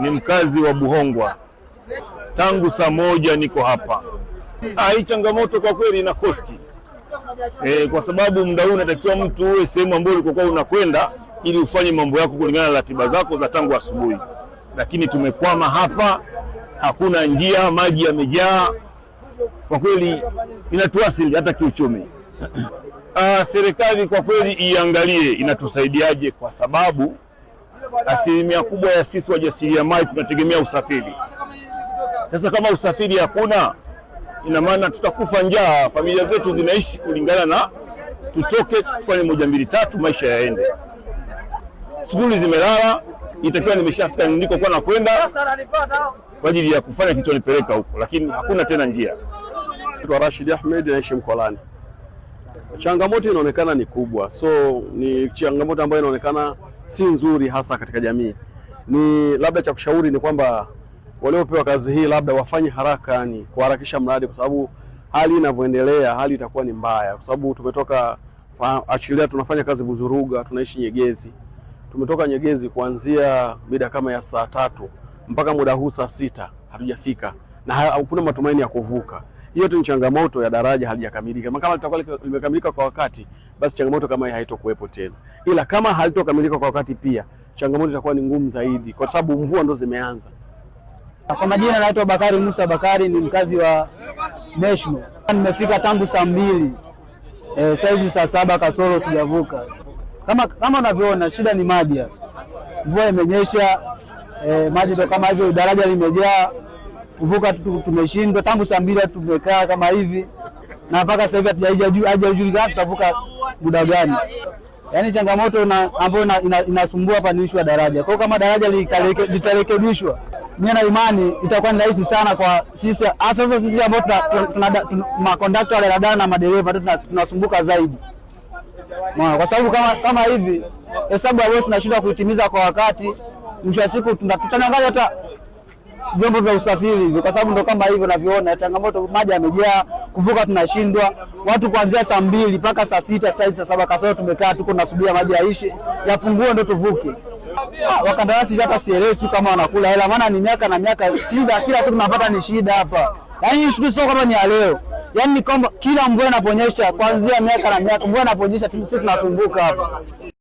ni mkazi wa Buhongwa, tangu saa moja niko hapa. Ah, hii changamoto kwa kweli ina kosti e, eh, kwa sababu muda huu unatakiwa mtu uwe sehemu ambayo ulikokuwa unakwenda ili ufanye mambo yako kulingana na ratiba zako za tangu asubuhi, lakini tumekwama hapa, hakuna njia, maji yamejaa. Kwa kweli inatuasili hata kiuchumi. Ah, serikali kwa kweli iangalie inatusaidiaje, kwa sababu asilimia kubwa ya sisi wajasiriamali tunategemea usafiri. Sasa kama usafiri hakuna, ina maana tutakufa njaa, familia zetu zinaishi kulingana na tutoke tufanye moja mbili tatu, maisha yaende. Shughuli zimelala, itakiwa nimeshafika na nakwenda kwa ajili ya kufanya nipeleka huko, lakini hakuna tena njia. Rashid Ahmed naishi Mkolani. Changamoto inaonekana ni kubwa, so ni changamoto ambayo inaonekana si nzuri hasa katika jamii. Ni labda cha kushauri ni kwamba waliopewa kazi hii labda wafanye haraka, yani kuharakisha mradi, kwa sababu hali inavyoendelea, hali itakuwa ni mbaya, kwa sababu tumetoka achilia, tunafanya kazi Buzuruga, tunaishi Nyegezi, tumetoka Nyegezi kuanzia mida kama ya saa tatu mpaka muda huu saa sita hatujafika na hakuna matumaini ya kuvuka. Hiyo tu ni changamoto ya daraja halijakamilika. Kama litakuwa limekamilika kwa wakati, basi changamoto kama hii haitokuwepo tena, ila kama halitokamilika kwa wakati, pia changamoto itakuwa ni ngumu zaidi, kwa sababu mvua ndo zimeanza. Kwa majina naitwa Bakari Musa Bakari, ni mkazi wa National. Nimefika tangu saa mbili e, eh, saizi saa saba kasoro sijavuka. Kama kama unavyoona, shida ni maji. Mvua imenyesha e, maji ndo kama hivyo, daraja limejaa, kuvuka tumeshindwa. Tangu saa mbili tumekaa kama hivi na mpaka sasa hivi hajajulikana tutavuka muda gani? Yaani changamoto ambayo inasumbua hapa ni ishu ya daraja. Kwa kama daraja litarekebishwa, mimi na imani itakuwa ni rahisi sana kwa sisi, hasa sasa sisi ambao makondakta wa daladala na madereva tunasumbuka zaidi, kwa sababu kama kama hivi hesabu ya wewe tunashindwa kuitimiza kwa wakati, mwisho wa siku tutanyang'anya hata vyombo vya usafiri hivyo, kwa sababu ndo kama hivyo navyoona changamoto, maji yamejaa, kuvuka tunashindwa, watu kuanzia saa mbili mpaka saa sita saizi saa saba kasoro tumekaa, tuko tunasubiria maji yaishe yapungue ndo tuvuke. Ah, wakandarasi hata sielewi kama wanakula hela, maana ni miaka na miaka shida, kila siku tunapata ni shida hapa, yaani shughuli sio kama ni ya leo yaani ni kwamba kila mvua inaponyesha kuanzia miaka na miaka, mvua inaponyesha sisi tunasumbuka hapa.